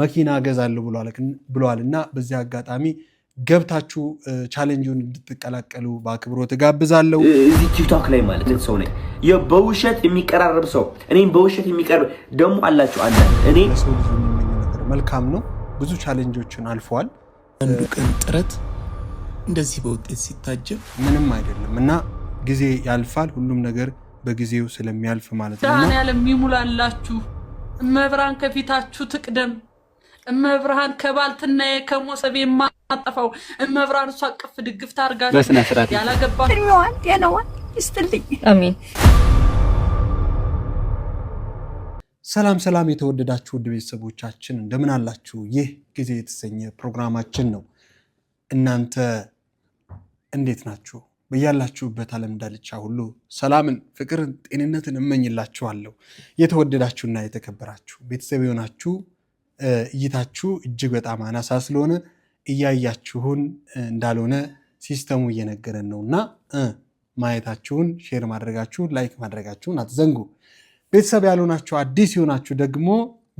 መኪና እገዛለሁ ብለዋል እና በዚህ አጋጣሚ ገብታችሁ ቻሌንጁን እንድትቀላቀሉ በአክብሮ እጋብዛለሁ። እዚህ ቲክቶክ ላይ ማለት ሰው ነኝ በውሸት የሚቀራረብ ሰው እኔም በውሸት የሚቀርብ ደግሞ አላችሁ አለ። እኔ ለሰው ልጅ ነገር መልካም ነው። ብዙ ቻሌንጆችን አልፈዋል። አንዱ ቀን ጥረት እንደዚህ በውጤት ሲታጀብ ምንም አይደለም እና ጊዜ ያልፋል። ሁሉም ነገር በጊዜው ስለሚያልፍ ማለት ነው። ያለም ይሙላላችሁ። መብራን ከፊታችሁ ትቅደም። እመብርሃን ከባልትና ከሞሰብ የማጠፋው እመብርሃን እሷ አቅፍ ድግፍት ያላገባ እድሜዋን ጤናዋን ይስጥልኝ። አሜን። ሰላም ሰላም፣ የተወደዳችሁ ውድ ቤተሰቦቻችን እንደምን አላችሁ? ይህ ጊዜ የተሰኘ ፕሮግራማችን ነው። እናንተ እንዴት ናችሁ? በያላችሁበት ዓለም ዳልቻ ሁሉ ሰላምን፣ ፍቅርን፣ ጤንነትን እመኝላችኋለሁ። የተወደዳችሁና የተከበራችሁ ቤተሰብ የሆናችሁ እይታችሁ እጅግ በጣም አናሳ ስለሆነ እያያችሁን እንዳልሆነ ሲስተሙ እየነገረን ነው እና ማየታችሁን፣ ሼር ማድረጋችሁን፣ ላይክ ማድረጋችሁን አትዘንጉ። ቤተሰብ ያልሆናችሁ አዲስ የሆናችሁ ደግሞ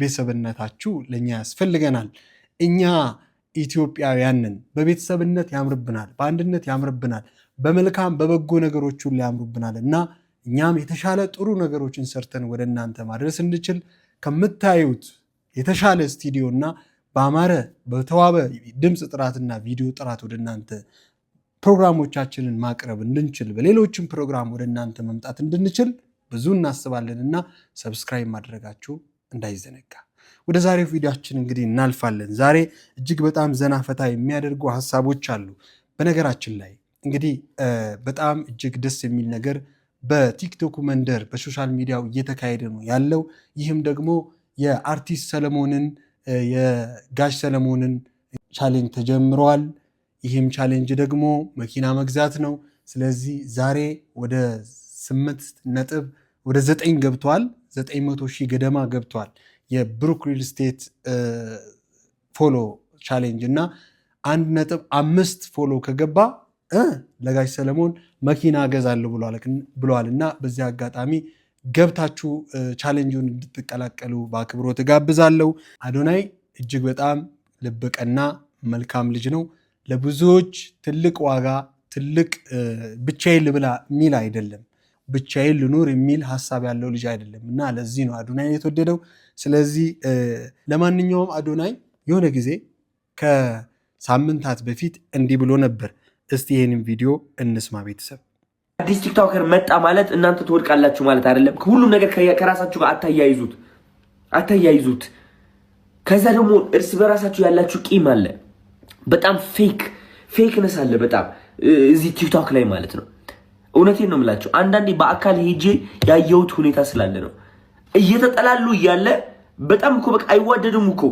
ቤተሰብነታችሁ ለእኛ ያስፈልገናል። እኛ ኢትዮጵያውያንን በቤተሰብነት ያምርብናል፣ በአንድነት ያምርብናል፣ በመልካም በበጎ ነገሮችን ሊያምሩብናል እና እኛም የተሻለ ጥሩ ነገሮችን ሰርተን ወደ እናንተ ማድረስ እንችል ከምታዩት የተሻለ ስቱዲዮ እና በአማረ በተዋበ ድምፅ ጥራትና ቪዲዮ ጥራት ወደ እናንተ ፕሮግራሞቻችንን ማቅረብ እንድንችል በሌሎችም ፕሮግራም ወደ እናንተ መምጣት እንድንችል ብዙ እናስባለን እና ሰብስክራይብ ማድረጋችሁ እንዳይዘነጋ። ወደ ዛሬው ቪዲዮችን እንግዲህ እናልፋለን። ዛሬ እጅግ በጣም ዘና ፈታ የሚያደርጉ ሀሳቦች አሉ። በነገራችን ላይ እንግዲህ በጣም እጅግ ደስ የሚል ነገር በቲክቶክ መንደር በሶሻል ሚዲያው እየተካሄደ ነው ያለው ይህም ደግሞ የአርቲስት ሰለሞንን የጋሽ ሰለሞንን ቻሌንጅ ተጀምረዋል። ይህም ቻሌንጅ ደግሞ መኪና መግዛት ነው። ስለዚህ ዛሬ ወደ ስምንት ነጥብ ወደ ዘጠኝ ገብቷል። ዘጠኝ መቶ ሺህ ገደማ ገብቷል። የብሩክ ሪል ስቴት ፎሎ ቻሌንጅ እና አንድ ነጥብ አምስት ፎሎ ከገባ ለጋሽ ሰለሞን መኪና እገዛለሁ ብለዋል እና በዚህ አጋጣሚ ገብታችሁ ቻሌንጁን እንድትቀላቀሉ በአክብሮት እጋብዛለሁ። አዶናይ እጅግ በጣም ልበቀና መልካም ልጅ ነው። ለብዙዎች ትልቅ ዋጋ ትልቅ ብቻዬን ልብላ የሚል አይደለም፣ ብቻዬን ልኑር የሚል ሀሳብ ያለው ልጅ አይደለም እና ለዚህ ነው አዶናይ የተወደደው። ስለዚህ ለማንኛውም አዶናይ የሆነ ጊዜ ከሳምንታት በፊት እንዲህ ብሎ ነበር። እስቲ ይህንን ቪዲዮ እንስማ ቤተሰብ አዲስ ቲክቶከር መጣ ማለት እናንተ ትወድቃላችሁ ማለት አይደለም። ሁሉም ነገር ከራሳችሁ ጋር አታያይዙት አታያይዙት። ከዛ ደግሞ እርስ በራሳችሁ ያላችሁ ቂም አለ። በጣም ፌክ ነስ አለ በጣም እዚህ ቲክቶክ ላይ ማለት ነው። እውነቴን ነው የምላቸው። አንዳንዴ በአካል ሄጄ ያየሁት ሁኔታ ስላለ ነው። እየተጠላሉ እያለ በጣም እኮ በቃ አይዋደድም እኮ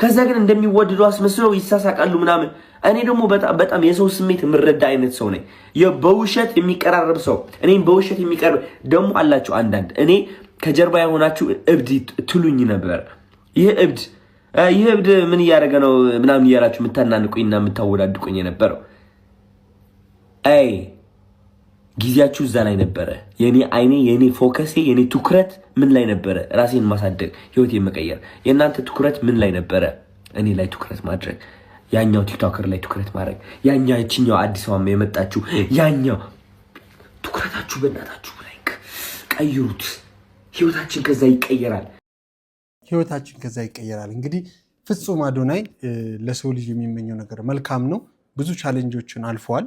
ከዛ ግን እንደሚወደዱ አስመስለው ይሳሳቃሉ ምናምን። እኔ ደግሞ በጣም የሰው ስሜት የምረዳ አይነት ሰው ነኝ። በውሸት የሚቀራረብ ሰው እኔም በውሸት የሚቀርብ ደግሞ አላችሁ። አንዳንድ እኔ ከጀርባ የሆናችሁ እብድ ትሉኝ ነበር። ይህ እብድ ይህ እብድ ምን እያደረገ ነው ምናምን እያላችሁ የምታናንቁኝና የምታወዳድቁኝ የነበረው አይ ጊዜያችሁ እዛ ላይ ነበረ። የኔ አይኔ የኔ ፎከሴ የኔ ትኩረት ምን ላይ ነበረ? ራሴን ማሳደግ፣ ህይወቴን መቀየር። የእናንተ ትኩረት ምን ላይ ነበረ? እኔ ላይ ትኩረት ማድረግ፣ ያኛው ቲክቶከር ላይ ትኩረት ማድረግ፣ ያኛው ይችኛው አዲስ አበባ የመጣችሁ ያኛው። ትኩረታችሁ በእናታችሁ ላይ ቀይሩት። ህይወታችን ከዛ ይቀየራል። ህይወታችን ከዛ ይቀየራል። እንግዲህ ፍጹም አዶናይ ለሰው ልጅ የሚመኘው ነገር መልካም ነው። ብዙ ቻሌንጆችን አልፈዋል።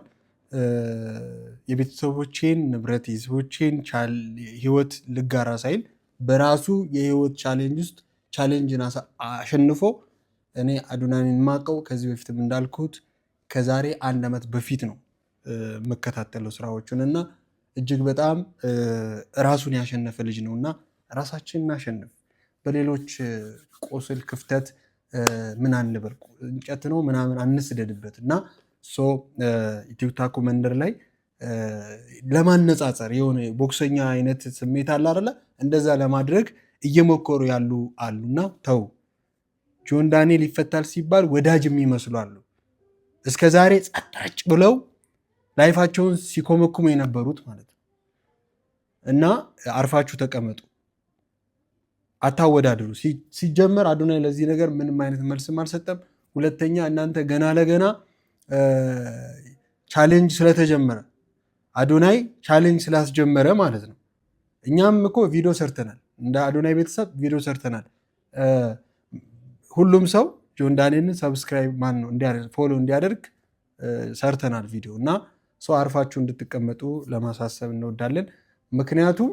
የቤተሰቦቼን ንብረት የህዝቦቼን ህይወት ልጋራ ሳይል በራሱ የህይወት ቻሌንጅ ውስጥ ቻሌንጅን አሸንፎ እኔ አዶናይን ማቀው ከዚህ በፊትም እንዳልኩት ከዛሬ አንድ ዓመት በፊት ነው የምከታተለው ስራዎቹን እና እጅግ በጣም ራሱን ያሸነፈ ልጅ ነው እና ራሳችን እናሸንፍ። በሌሎች ቁስል ክፍተት ምን አንበል፣ እንጨት ነው ምናምን አንስደድበት እና ቲክታኩ መንደር ላይ ለማነጻጸር የሆነ ቦክሰኛ አይነት ስሜት አለ አይደለ? እንደዛ ለማድረግ እየሞከሩ ያሉ አሉና ተው። ጆን ዳንኤል ይፈታል ሲባል የሚመስሉ አሉ። እስከ ዛሬ ጸጥ ብለው ላይፋቸውን ሲኮመኩሙ የነበሩት ማለት ነው። እና አርፋችሁ ተቀመጡ፣ አታወዳድሩ። ሲጀመር አዶናይ ለዚህ ነገር ምንም አይነት መልስም አልሰጠም። ሁለተኛ እናንተ ገና ለገና ቻሌንጅ ስለተጀመረ አዶናይ ቻሌንጅ ስላስጀመረ ማለት ነው። እኛም እኮ ቪዲዮ ሰርተናል፣ እንደ አዶናይ ቤተሰብ ቪዲዮ ሰርተናል። ሁሉም ሰው ጆን ዳንኤልን ሰብስክራይብ ማን ነው ፎሎ እንዲያደርግ ሰርተናል ቪዲዮ እና ሰው አርፋችሁ እንድትቀመጡ ለማሳሰብ እንወዳለን። ምክንያቱም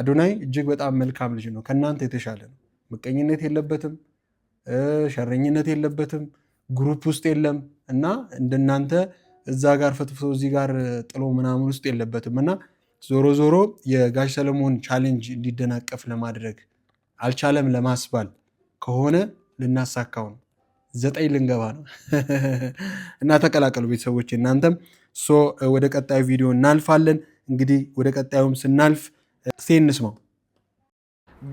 አዶናይ እጅግ በጣም መልካም ልጅ ነው፣ ከእናንተ የተሻለ ነው። ምቀኝነት የለበትም፣ ሸረኝነት የለበትም፣ ግሩፕ ውስጥ የለም። እና እንደናንተ እዛ ጋር ፈትፍቶ እዚህ ጋር ጥሎ ምናምን ውስጥ የለበትም እና ዞሮ ዞሮ የጋሽ ሰለሞን ቻሌንጅ እንዲደናቀፍ ለማድረግ አልቻለም ለማስባል ከሆነ ልናሳካው ነው። ዘጠኝ ልንገባ ነው እና ተቀላቀሉ ቤተሰቦች፣ እናንተም ሶ ወደ ቀጣዩ ቪዲዮ እናልፋለን። እንግዲህ ወደ ቀጣዩም ስናልፍ እስቴ እንስማው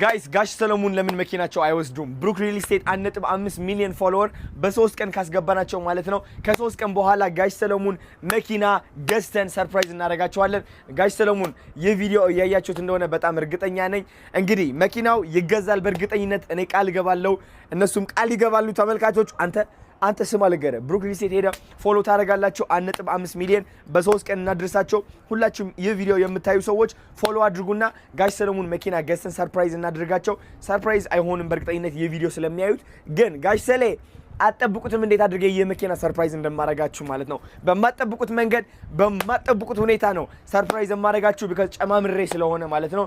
ጋይስ ጋሽ ሰለሞን ለምን መኪናቸው አይወስዱም? ብሩክ ሪል ስቴት 1.5 ሚሊዮን ፎሎወር በሶስት ቀን ካስገባናቸው ማለት ነው። ከሶስት ቀን በኋላ ጋሽ ሰለሞን መኪና ገዝተን ሰርፕራይዝ እናደርጋቸዋለን። ጋሽ ሰለሞን ይህ ቪዲዮ እያያችሁት እንደሆነ በጣም እርግጠኛ ነኝ። እንግዲህ መኪናው ይገዛል በእርግጠኝነት እኔ ቃል እገባለሁ፣ እነሱም ቃል ይገባሉ። ተመልካቾች አንተ አንተ ስም አልገረ ብሩክሊን ስቴት ሄደ ፎሎ ታደረጋላቸው። አንድ ነጥብ አምስት ሚሊዮን በሶስት ቀን እናድርሳቸው። ሁላችሁም ይህ ቪዲዮ የምታዩ ሰዎች ፎሎ አድርጉና ጋሽ ሰለሞን መኪና ገዝተን ሰርፕራይዝ እናድርጋቸው። ሰርፕራይዝ አይሆንም በእርግጠኝነት ይህ ቪዲዮ ስለሚያዩት፣ ግን ጋሽ ሰሌ አጠብቁትም እንዴት አድርገ የመኪና ሰርፕራይዝ እንደማረጋችሁ ማለት ነው። በማጠብቁት መንገድ በማጠብቁት ሁኔታ ነው ሰርፕራይዝ የማረጋችሁ ቢካዝ ጨማምሬ ስለሆነ ማለት ነው።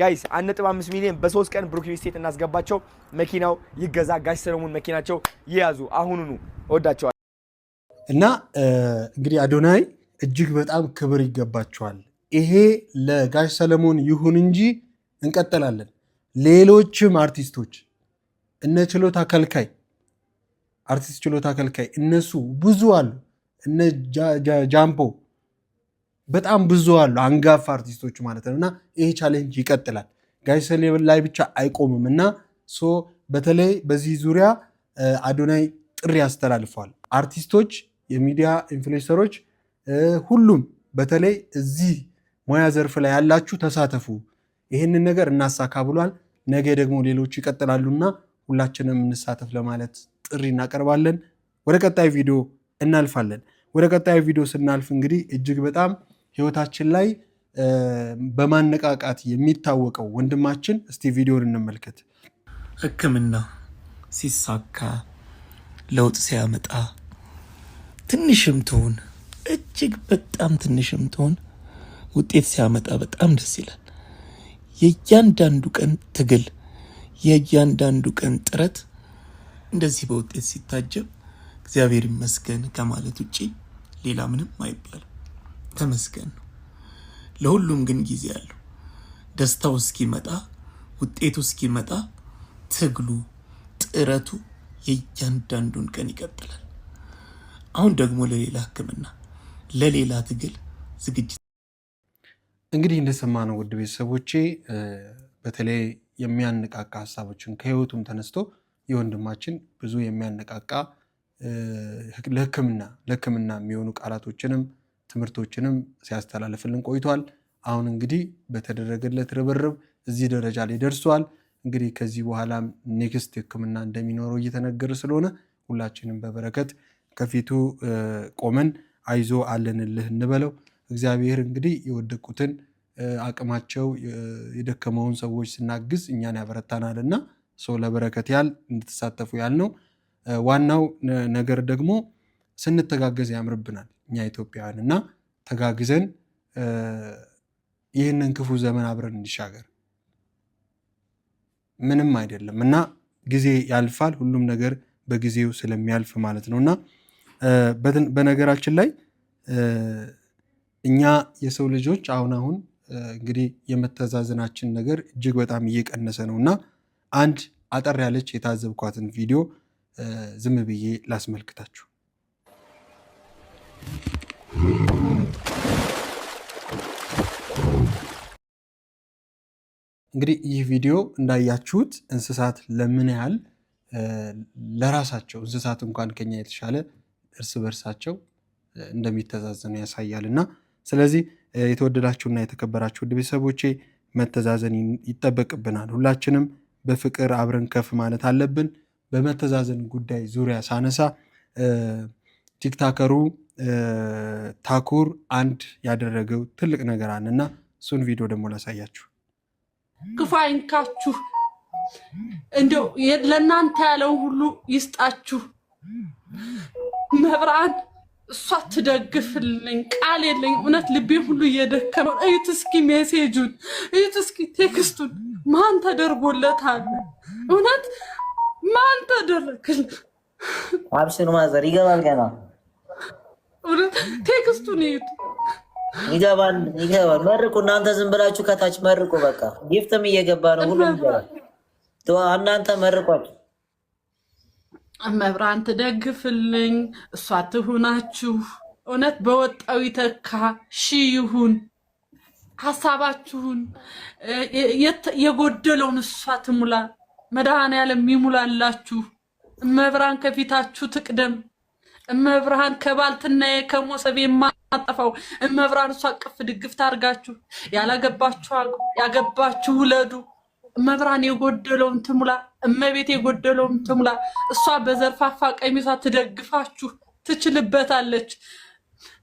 ጋይስ 1.5 ሚሊዮን በሶስት ቀን ብሩክሊን ስቴት እናስገባቸው። መኪናው ይገዛ። ጋሽ ሰለሞን መኪናቸው ይያዙ። አሁኑኑ ወዳቸዋል። እና እንግዲህ አዶናይ እጅግ በጣም ክብር ይገባቸዋል። ይሄ ለጋሽ ሰለሞን ይሁን እንጂ እንቀጥላለን። ሌሎችም አርቲስቶች እነ ችሎታ ከልካይ አርቲስት ችሎታ ከልካይ እነሱ ብዙ አሉ። እነ ጃምፖ በጣም ብዙ አሉ አንጋፋ አርቲስቶች ማለት ነው። እና ይሄ ቻሌንጅ ይቀጥላል ጋሽ ላይ ብቻ አይቆምም። እና ሶ በተለይ በዚህ ዙሪያ አዶናይ ጥሪ ያስተላልፈዋል። አርቲስቶች፣ የሚዲያ ኢንፍሉዌንሰሮች፣ ሁሉም በተለይ እዚህ ሙያ ዘርፍ ላይ ያላችሁ ተሳተፉ፣ ይህንን ነገር እናሳካ ብሏል። ነገ ደግሞ ሌሎቹ ይቀጥላሉና ሁላችንም እንሳተፍ ለማለት ጥሪ እናቀርባለን። ወደ ቀጣይ ቪዲዮ እናልፋለን። ወደ ቀጣዩ ቪዲዮ ስናልፍ እንግዲህ እጅግ በጣም ህይወታችን ላይ በማነቃቃት የሚታወቀው ወንድማችን እስቲ ቪዲዮን እንመልከት። ህክምና ሲሳካ ለውጥ ሲያመጣ ትንሽም ትሆን እጅግ በጣም ትንሽም ትሆን ውጤት ሲያመጣ በጣም ደስ ይላል። የእያንዳንዱ ቀን ትግል፣ የእያንዳንዱ ቀን ጥረት እንደዚህ በውጤት ሲታጀብ እግዚአብሔር ይመስገን ከማለት ውጭ ሌላ ምንም አይባልም። ተመስገን ነው። ለሁሉም ግን ጊዜ አለው። ደስታው እስኪመጣ፣ ውጤቱ እስኪመጣ ትግሉ፣ ጥረቱ የእያንዳንዱን ቀን ይቀጥላል። አሁን ደግሞ ለሌላ ሕክምና ለሌላ ትግል ዝግጅት እንግዲህ ነው። ውድ ቤተሰቦቼ በተለይ የሚያነቃቃ ሀሳቦችን ከህይወቱም ተነስቶ የወንድማችን ብዙ የሚያነቃቃ ለህክምና ለህክምና የሚሆኑ ቃላቶችንም ትምህርቶችንም ሲያስተላልፍልን ቆይቷል። አሁን እንግዲህ በተደረገለት ርብርብ እዚህ ደረጃ ላይ ደርሷል። እንግዲህ ከዚህ በኋላም ኔክስት ሕክምና እንደሚኖረው እየተነገረ ስለሆነ ሁላችንም በበረከት ከፊቱ ቆመን አይዞ አለንልህ እንበለው። እግዚአብሔር እንግዲህ የወደቁትን አቅማቸው የደከመውን ሰዎች ስናግዝ እኛን ያበረታናል እና ሰው ለበረከት ያህል እንድትሳተፉ ያህል ነው። ዋናው ነገር ደግሞ ስንተጋገዝ ያምርብናል እኛ ኢትዮጵያውያን እና ተጋግዘን ይህንን ክፉ ዘመን አብረን እንዲሻገር ምንም አይደለም እና ጊዜ ያልፋል። ሁሉም ነገር በጊዜው ስለሚያልፍ ማለት ነው እና በነገራችን ላይ እኛ የሰው ልጆች አሁን አሁን እንግዲህ የመተዛዘናችን ነገር እጅግ በጣም እየቀነሰ ነው እና አንድ አጠር ያለች የታዘብኳትን ቪዲዮ ዝም ብዬ ላስመልክታችሁ። እንግዲህ ይህ ቪዲዮ እንዳያችሁት እንስሳት ለምን ያህል ለራሳቸው እንስሳት እንኳን ከኛ የተሻለ እርስ በርሳቸው እንደሚተዛዘኑ ያሳያል እና ስለዚህ የተወደዳችሁና የተከበራችሁ ውድ ቤተሰቦቼ መተዛዘን ይጠበቅብናል። ሁላችንም በፍቅር አብረን ከፍ ማለት አለብን። በመተዛዘን ጉዳይ ዙሪያ ሳነሳ ቲክታከሩ ታኩር አንድ ያደረገው ትልቅ ነገር አለ እና እሱን ቪዲዮ ደግሞ ላሳያችሁ። ክፉ አይንካችሁ፣ እንደው ለእናንተ ያለው ሁሉ ይስጣችሁ። መብራን እሷ ትደግፍልኝ፣ ቃል የለኝ። እውነት ልቤ ሁሉ እየደከመ እዩት እስኪ ሜሴጁን፣ እዩት እስኪ ቴክስቱን። ማን ተደርጎለታል? እውነት ማን ተደረግል? አብሽር ማዘር ይገባል ገና ቴክስቱን እዩት። ይገባል ይገባል። መርቁ እናንተ ዝም ብላችሁ ከታች መርቁ። በቃ ጊፍትም እየገባ ነው። ሁሉም ይገባል። እናንተ መብራን ትደግፍልኝ። እሷ ትሁናችሁ። እውነት በወጣው ይተካ። ሺ ይሁን ሀሳባችሁን የጎደለውን እሷ ትሙላ። መድኃኔዓለም ይሙላላችሁ። መብራን ከፊታችሁ ትቅደም። እመብርሃን ከባልትናዬ ከሞሰብ የማጠፋው እመብርሃን እሷ ቅፍ ድግፍ ታርጋችሁ ያላገባችሁ ያገባችሁ ውለዱ። እመብርሃን የጎደለውን ትሙላ፣ እመቤት የጎደለውን ትሙላ። እሷ በዘርፋፋ ቀሚሷ ትደግፋችሁ ትችልበታለች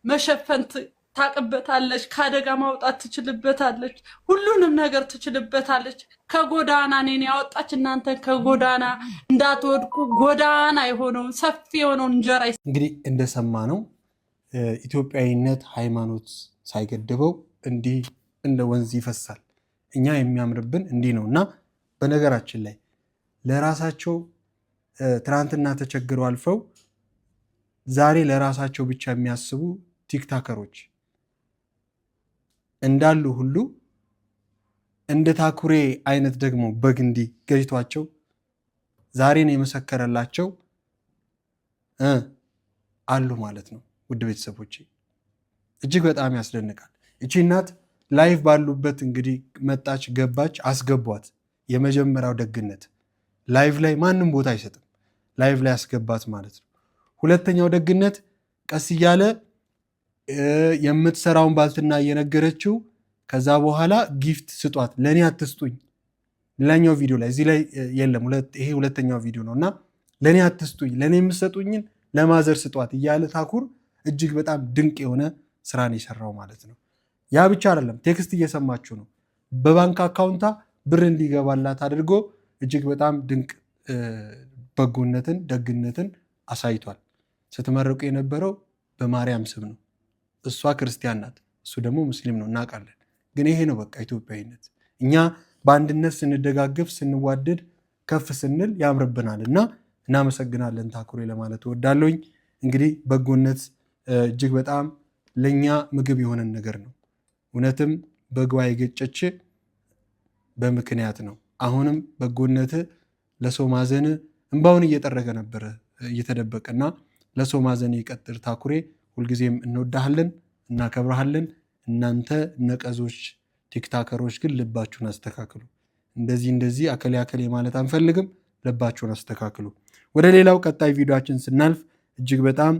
መሸፈንት። ታቅበታለች፣ ከአደጋ ማውጣት ትችልበታለች፣ ሁሉንም ነገር ትችልበታለች። ከጎዳና እኔን ያወጣች እናንተን ከጎዳና እንዳትወድቁ ጎዳና የሆነው ሰፊ የሆነው እንጀራ እንግዲህ እንደሰማ ነው። ኢትዮጵያዊነት ሃይማኖት ሳይገድበው እንዲህ እንደ ወንዝ ይፈሳል። እኛ የሚያምርብን እንዲህ ነው እና በነገራችን ላይ ለራሳቸው ትናንትና ተቸግረው አልፈው ዛሬ ለራሳቸው ብቻ የሚያስቡ ቲክታከሮች እንዳሉ ሁሉ እንደ ታኩሬ አይነት ደግሞ በግ እንዲህ ገጅቷቸው ዛሬን የመሰከረላቸው አሉ ማለት ነው። ውድ ቤተሰቦች እጅግ በጣም ያስደንቃል። እቺ እናት ላይፍ ባሉበት እንግዲህ መጣች፣ ገባች፣ አስገቧት። የመጀመሪያው ደግነት ላይቭ ላይ ማንም ቦታ አይሰጥም፣ ላይቭ ላይ አስገባት ማለት ነው። ሁለተኛው ደግነት ቀስ እያለ የምትሰራውን ባልትና እየነገረችው ከዛ በኋላ ጊፍት ስጧት፣ ለእኔ አትስጡኝ። ሌላኛው ቪዲዮ ላይ እዚህ ላይ የለም፣ ይሄ ሁለተኛው ቪዲዮ ነው እና ለእኔ አትስጡኝ፣ ለእኔ የምትሰጡኝን ለማዘር ስጧት እያለ ታኩር እጅግ በጣም ድንቅ የሆነ ስራን የሰራው ማለት ነው። ያ ብቻ አይደለም፣ ቴክስት እየሰማችሁ ነው። በባንክ አካውንታ ብር እንዲገባላት አድርጎ እጅግ በጣም ድንቅ በጎነትን፣ ደግነትን አሳይቷል። ስትመረቁ የነበረው በማርያም ስም ነው። እሷ ክርስቲያን ናት፣ እሱ ደግሞ ሙስሊም ነው እናውቃለን። ግን ይሄ ነው በቃ ኢትዮጵያዊነት። እኛ በአንድነት ስንደጋገፍ፣ ስንዋደድ፣ ከፍ ስንል ያምርብናል እና እናመሰግናለን ታኩሬ ለማለት እወዳለሁኝ። እንግዲህ በጎነት እጅግ በጣም ለእኛ ምግብ የሆነን ነገር ነው። እውነትም በግባ የገጨች በምክንያት ነው። አሁንም በጎነት ለሰው ማዘን እንባውን እየጠረገ ነበረ እየተደበቀና ለሰው ማዘን ይቀጥል ታኩሬ ሁልጊዜም እንወዳሃለን፣ እናከብረሃለን። እናንተ ነቀዞች ቲክታከሮች ግን ልባችሁን አስተካክሉ። እንደዚህ እንደዚህ አከሌ አከሌ ማለት አንፈልግም። ልባችሁን አስተካክሉ። ወደ ሌላው ቀጣይ ቪዲዮችን ስናልፍ እጅግ በጣም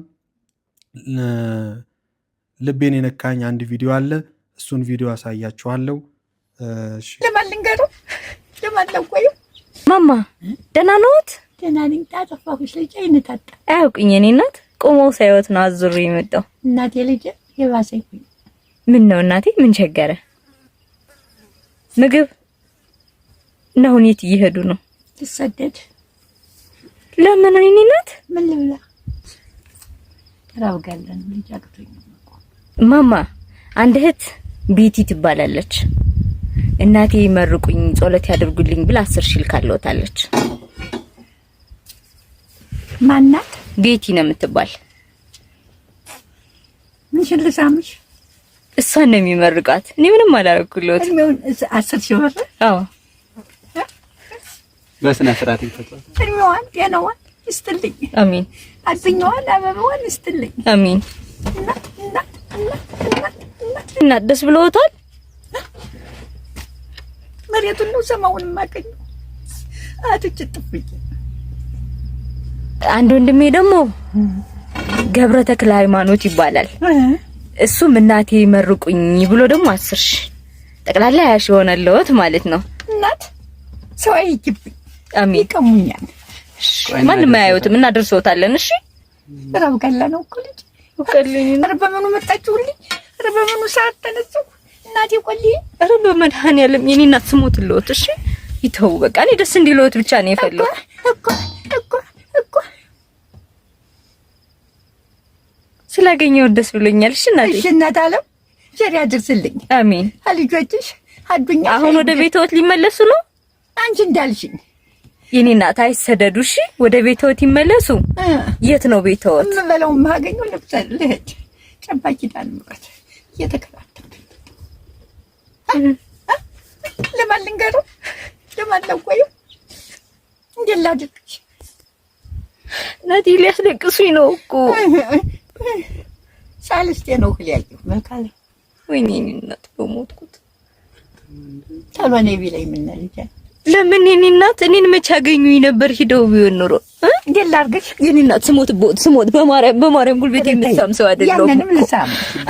ልቤን የነካኝ አንድ ቪዲዮ አለ። እሱን ቪዲዮ አሳያችኋለሁ። ልማልንገሩ ልማለቆዩ ማማ ደህና ነዎት? ደህና ነኝ። ታጠፋሁሽ ልጅ አይነታጣ አያውቅኝ እኔ እናት ቆመው ሳይወት ነው አዙሪ የመጣው። እናቴ ልጅ የባሰኝ ምን ነው እናቴ፣ ምን ቸገረ? ምግብ ነው። የት እየሄዱ ነው? ልሰደድ ለምን? እኔ ናት ምን ልብላ? ራብ ጋለን ልጅ አቅቶኝ ማማ፣ አንድ እህት ቤቲ ትባላለች። እናቴ ይመርቁኝ ጸሎት ያደርጉልኝ ብላ አስር ሺህ ልካለታለች። ማናት ቤቲ ነው የምትባል። ምን ሽልሳምሽ? እሷን ነው የሚመርቃት። እኔ ምንም አላረግኩለት። አስር ሺህ ብር አዎ፣ በስነ ስርዓት ይፈቷል። እድሜዋን ጤናዋን ይስጥልኝ። አሚን። አዝኛዋን አበባዋን ይስጥልኝ። አሚን። እና ደስ ብሎታል። መሬቱን ነው ሰማውን ማቀኝ አትጭ አንድ ወንድሜ ደግሞ ገብረ ተክለ ሃይማኖት ይባላል። እሱም እናቴ መርቁኝ ብሎ ደግሞ አስር ሺህ ጠቅላላ ሀያ ሺህ ማለት ነው። እናት ሰው አይጅብኝ። አሚ ይቀሙኛል። ማንም አያዩትም እና ደርሶታለን። እሺ ረብ ገላ ነው እኮ ልጅ ወቀልኝ። ረብ በምኑ መጣችሁልኝ? ረብ በምኑ ሰዓት ተነሳሁ እናቴ ቆልዬ። ረብ በመድኃኔዓለም የኔ እናት ስሞትልዎት። እሺ ይተው በቃ እኔ ደስ እንዲለዎት ብቻ ነው የፈለኩት። ስላገኘሁት ደስ ብሎኛል። እሺ እናቴ፣ እሺ እናት አለም ጀሪ አድርስልኝ። አሜን። ልጆችሽ አዱኛ አሁን ወደ ቤተወት ሊመለሱ ነው። አንቺ እንዳልሽኝ የኔ እናት አይሰደዱ። እሺ ወደ ቤተወት ይመለሱ። የት ነው ምን ምበለው ማገኘው ለብሳል ልሄድ ጨባጭ ዳን ምራት እየተከራተቱ ለማን ልንገረው? ለማን ልንቆየው? እንዴት ላድርግሽ እናቴ? ሊያስለቅሱኝ ነው እኮ ሳልስቴ ነው እህል ያየሁ መልካለ ወይኔ እናት በሞትኩት ታሏ ነይ ቢለኝ ምን ልጅ ለምን የኔ እናት እኔን መቼ አገኙኝ ነበር? ሂደው ቢሆን ኖሮ እንዴት ላድርግ? የኔ እናት ስሞት ስሞት በማርያም በማርያም ጉልበት የምትሳም ሰው አይደለም።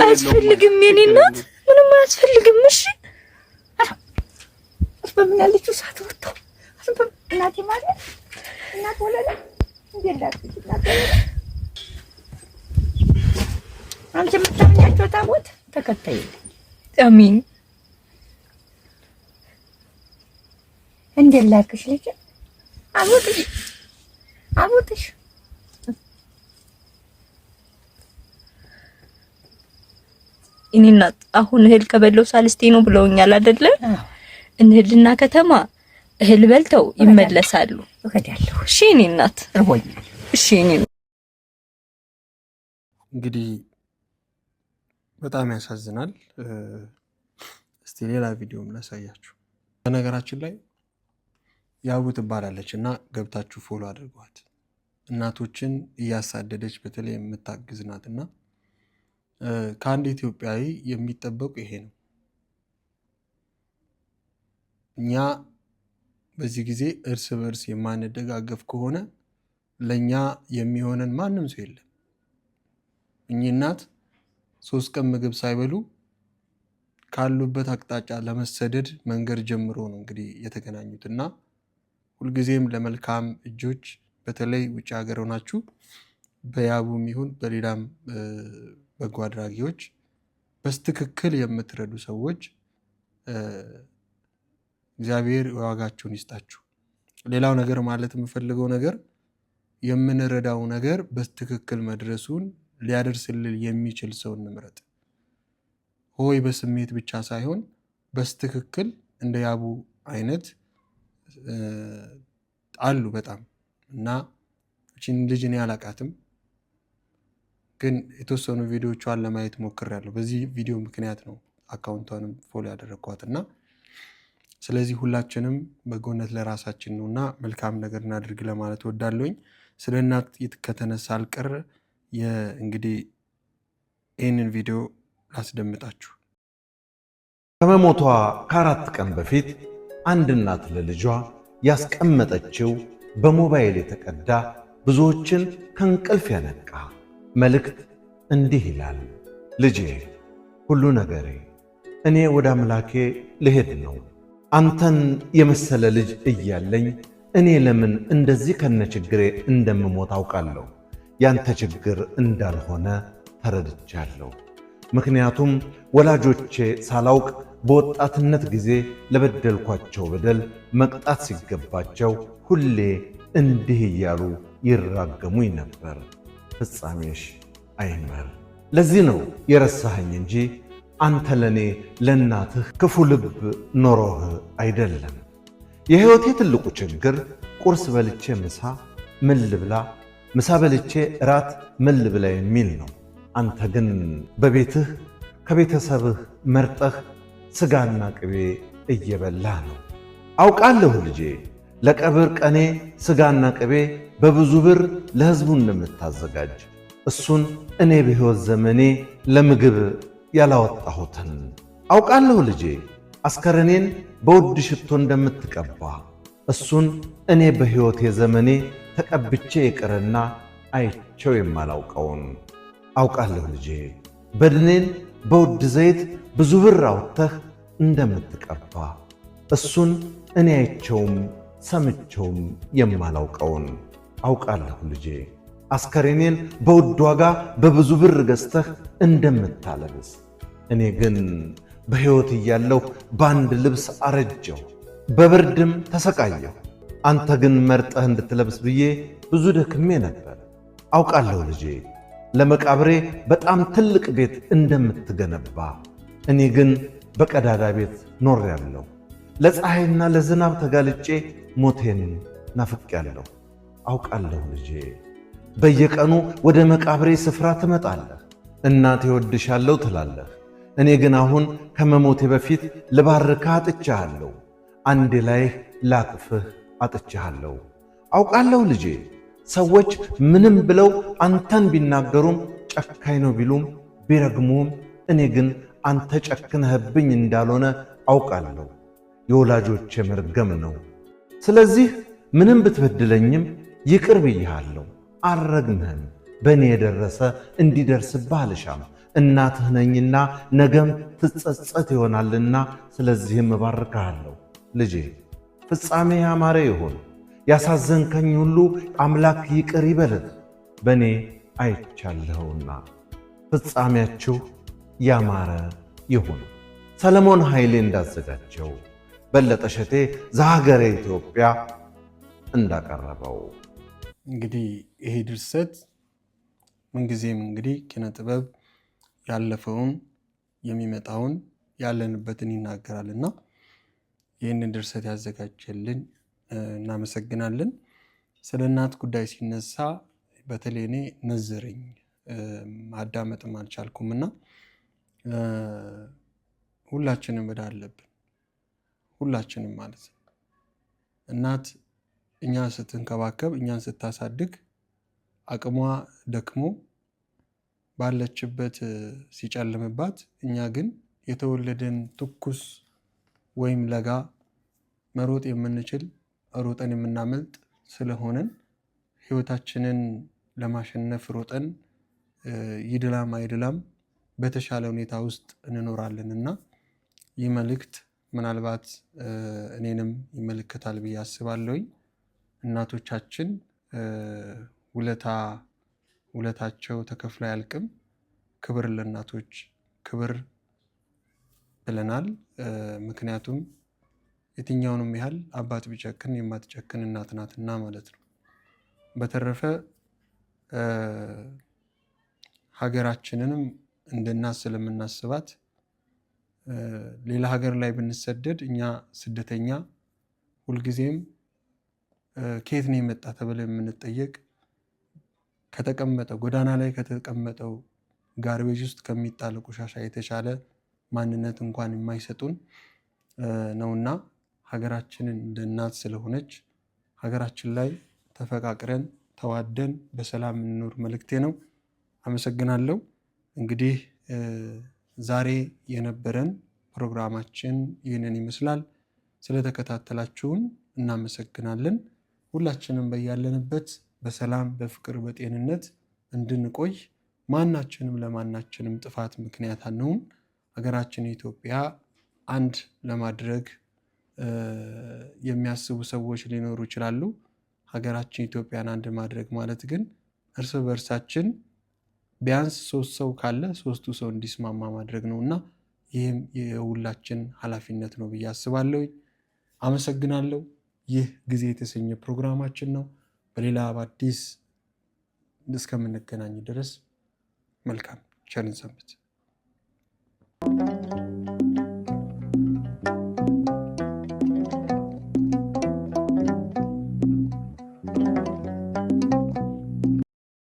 አያስፈልግም፣ የኔ እናት ምንም አያስፈልግም። እሺ በምን ያለችው ሰዓት ወጣው እናቴ ማለት እናት ወለለ እንዴት ላድርግ እናት አንቺ የምታምኛቸው ታቦት ተከታይ አሚን። እንዴት ልጅ አቦትሽ አቦትሽ እኔ አሁን እህል ከበለው ሳልስቴ ነው ብለውኛል አይደለ? እንሂድና ከተማ እህል በልተው ይመለሳሉ። እሄዳለሁ። እሺ እኔ እናት እርቦኛል። እሺ እኔ እንግዲህ በጣም ያሳዝናል። እስቲ ሌላ ቪዲዮም ላሳያችሁ። በነገራችን ላይ ያቡ ትባላለች እና ገብታችሁ ፎሎ አድርጓት። እናቶችን እያሳደደች በተለይ የምታግዝ ናት እና ከአንድ ኢትዮጵያዊ የሚጠበቁ ይሄ ነው። እኛ በዚህ ጊዜ እርስ በእርስ የማንደጋገፍ ከሆነ ለእኛ የሚሆነን ማንም ሰው የለም። እኚህ እናት ሶስት ቀን ምግብ ሳይበሉ ካሉበት አቅጣጫ ለመሰደድ መንገድ ጀምሮ ነው እንግዲህ የተገናኙት እና ሁልጊዜም ለመልካም እጆች በተለይ ውጭ ሀገር ሆናችሁ በያቡም ይሁን በሌላም በጎ አድራጊዎች በስትክክል የምትረዱ ሰዎች እግዚአብሔር ዋጋችሁን ይስጣችሁ። ሌላው ነገር ማለት የምፈልገው ነገር የምንረዳው ነገር በስትክክል መድረሱን ሊያደርስልን የሚችል ሰው እንምረጥ። ሆይ በስሜት ብቻ ሳይሆን በስትክክል እንደ ያቡ አይነት አሉ በጣም እና እቺን ልጅ እኔ አላቃትም፣ ግን የተወሰኑ ቪዲዮቿን ለማየት ሞክሬያለሁ። በዚህ ቪዲዮ ምክንያት ነው አካውንቷንም ፎሎ ያደረግኳት እና ስለዚህ ሁላችንም በጎነት ለራሳችን ነው እና መልካም ነገር እናድርግ ለማለት ወዳለኝ ስለ እናት ከተነሳ አልቀር እንግዲህ ይህንን ቪዲዮ ላስደምጣችሁ። ከመሞቷ ከአራት ቀን በፊት አንድ እናት ለልጇ ያስቀመጠችው በሞባይል የተቀዳ ብዙዎችን ከእንቅልፍ ያነቃ መልእክት እንዲህ ይላል። ልጄ ሁሉ ነገሬ፣ እኔ ወደ አምላኬ ልሄድ ነው። አንተን የመሰለ ልጅ እያለኝ እኔ ለምን እንደዚህ ከነችግሬ እንደምሞት አውቃለሁ። ያንተ ችግር እንዳልሆነ ተረድቻለሁ። ምክንያቱም ወላጆቼ ሳላውቅ በወጣትነት ጊዜ ለበደልኳቸው በደል መቅጣት ሲገባቸው ሁሌ እንዲህ እያሉ ይራገሙኝ ነበር። ፍጻሜሽ አይመር። ለዚህ ነው የረሳኸኝ እንጂ አንተ ለእኔ ለእናትህ ክፉ ልብ ኖሮህ አይደለም። የሕይወቴ ትልቁ ችግር ቁርስ በልቼ ምሳ ምን ልብላ ምሳ በልቼ እራት ምል ልብላ የሚል ነው። አንተ ግን በቤትህ ከቤተሰብህ መርጠህ ስጋና ቅቤ እየበላ ነው። አውቃለሁ ልጄ ለቀብር ቀኔ ስጋና ቅቤ በብዙ ብር ለሕዝቡ እንደምታዘጋጅ እሱን እኔ በሕይወት ዘመኔ ለምግብ ያላወጣሁትን አውቃለሁ ልጄ አስከረኔን በውድ ሽቶ እንደምትቀባ እሱን እኔ በሕይወቴ ዘመኔ ተቀብቼ ይቅርና አይቸው የማላውቀውን አውቃለሁ ልጄ በድኔን በውድ ዘይት ብዙ ብር አውጥተህ እንደምትቀባ እሱን እኔ አይቸውም ሰምቸውም የማላውቀውን አውቃለሁ ልጄ አስከሬኔን በውድ ዋጋ በብዙ ብር ገዝተህ እንደምታለብስ እኔ ግን በሕይወት እያለሁ በአንድ ልብስ አረጀሁ፣ በብርድም ተሰቃየሁ። አንተ ግን መርጠህ እንድትለብስ ብዬ ብዙ ደክሜ ነበር። አውቃለሁ ልጄ ለመቃብሬ በጣም ትልቅ ቤት እንደምትገነባ፣ እኔ ግን በቀዳዳ ቤት ኖር ያለው ለፀሐይና ለዝናብ ተጋልጬ ሞቴን ናፍቄያለሁ። አውቃለሁ ልጄ በየቀኑ ወደ መቃብሬ ስፍራ ትመጣለህ፣ እናቴ ወድሻለሁ ትላለህ። እኔ ግን አሁን ከመሞቴ በፊት ልባርካ አጥቻለሁ። አንዴ ላይህ ላቅፍህ አጥቻለሁ። አውቃለሁ ልጄ፣ ሰዎች ምንም ብለው አንተን ቢናገሩም ጨካኝ ነው ቢሉም ቢረግሙም፣ እኔ ግን አንተ ጨክነህብኝ እንዳልሆነ አውቃለሁ። የወላጆቼ መርገም ነው። ስለዚህ ምንም ብትበድለኝም ይቅር ብዬሃለሁ፣ አልረግምህም። በእኔ የደረሰ እንዲደርስብህ አልሻም። እናትህ ነኝና ነገም ትጸጸት ይሆናልና፣ ስለዚህም እባርክሃለሁ ልጄ ፍጻሜ ያማረ ይሆን። ያሳዘንከኝ ሁሉ አምላክ ይቅር ይበልህ፣ በእኔ አይቻለሁና። ፍጻሜያችሁ ያማረ ይሁን። ሰለሞን ኃይሌ እንዳዘጋጀው በለጠ ሸቴ ዘሀገረ ኢትዮጵያ እንዳቀረበው። እንግዲህ ይሄ ድርሰት ምንጊዜም እንግዲህ ኪነ ጥበብ ያለፈውን የሚመጣውን ያለንበትን ይናገራልና ይህንን ድርሰት ያዘጋጀልን እናመሰግናለን። ስለ እናት ጉዳይ ሲነሳ በተለይ እኔ ነዘረኝ ማዳመጥም አልቻልኩም እና ሁላችንም እዳ አለብን። ሁላችንም ማለት ነው። እናት እኛን ስትንከባከብ፣ እኛን ስታሳድግ አቅሟ ደክሞ ባለችበት ሲጨልምባት፣ እኛ ግን የተወለደን ትኩስ ወይም ለጋ መሮጥ የምንችል ሮጠን የምናመልጥ ስለሆነን ህይወታችንን ለማሸነፍ ሮጠን ይድላም አይድላም በተሻለ ሁኔታ ውስጥ እንኖራለን እና ይህ መልእክት ምናልባት እኔንም ይመለከታል ብዬ አስባለሁኝ። እናቶቻችን ውለታ ውለታቸው ተከፍሎ አያልቅም። ክብር ለእናቶች ክብር ብለናል። ምክንያቱም የትኛውንም ያህል አባት ቢጨክን የማትጨክን እናት ናትና ማለት ነው። በተረፈ ሀገራችንንም እንደናት ስለምናስባት ሌላ ሀገር ላይ ብንሰደድ እኛ ስደተኛ ሁልጊዜም ከየት ነው የመጣ ተብለ የምንጠየቅ ከተቀመጠው ጎዳና ላይ ከተቀመጠው ጋርቤጅ ውስጥ ከሚጣለ ቆሻሻ የተሻለ ማንነት እንኳን የማይሰጡን ነውና ሀገራችንን እንደ እናት ስለሆነች ሀገራችን ላይ ተፈቃቅረን ተዋደን በሰላም እንኖር መልእክቴ ነው። አመሰግናለሁ። እንግዲህ ዛሬ የነበረን ፕሮግራማችን ይህንን ይመስላል። ስለተከታተላችሁን እናመሰግናለን። ሁላችንም በያለንበት በሰላም በፍቅር በጤንነት እንድንቆይ ማናችንም ለማናችንም ጥፋት ምክንያት አንሁን። ሀገራችን ኢትዮጵያ አንድ ለማድረግ የሚያስቡ ሰዎች ሊኖሩ ይችላሉ። ሀገራችን ኢትዮጵያን አንድ ማድረግ ማለት ግን እርስ በእርሳችን ቢያንስ ሶስት ሰው ካለ ሶስቱ ሰው እንዲስማማ ማድረግ ነው እና ይህም የሁላችን ኃላፊነት ነው ብዬ አስባለሁ። አመሰግናለሁ። ይህ ጊዜ የተሰኘ ፕሮግራማችን ነው። በሌላ በአዲስ እስከምንገናኝ ድረስ መልካም ቸርን ሰንብት።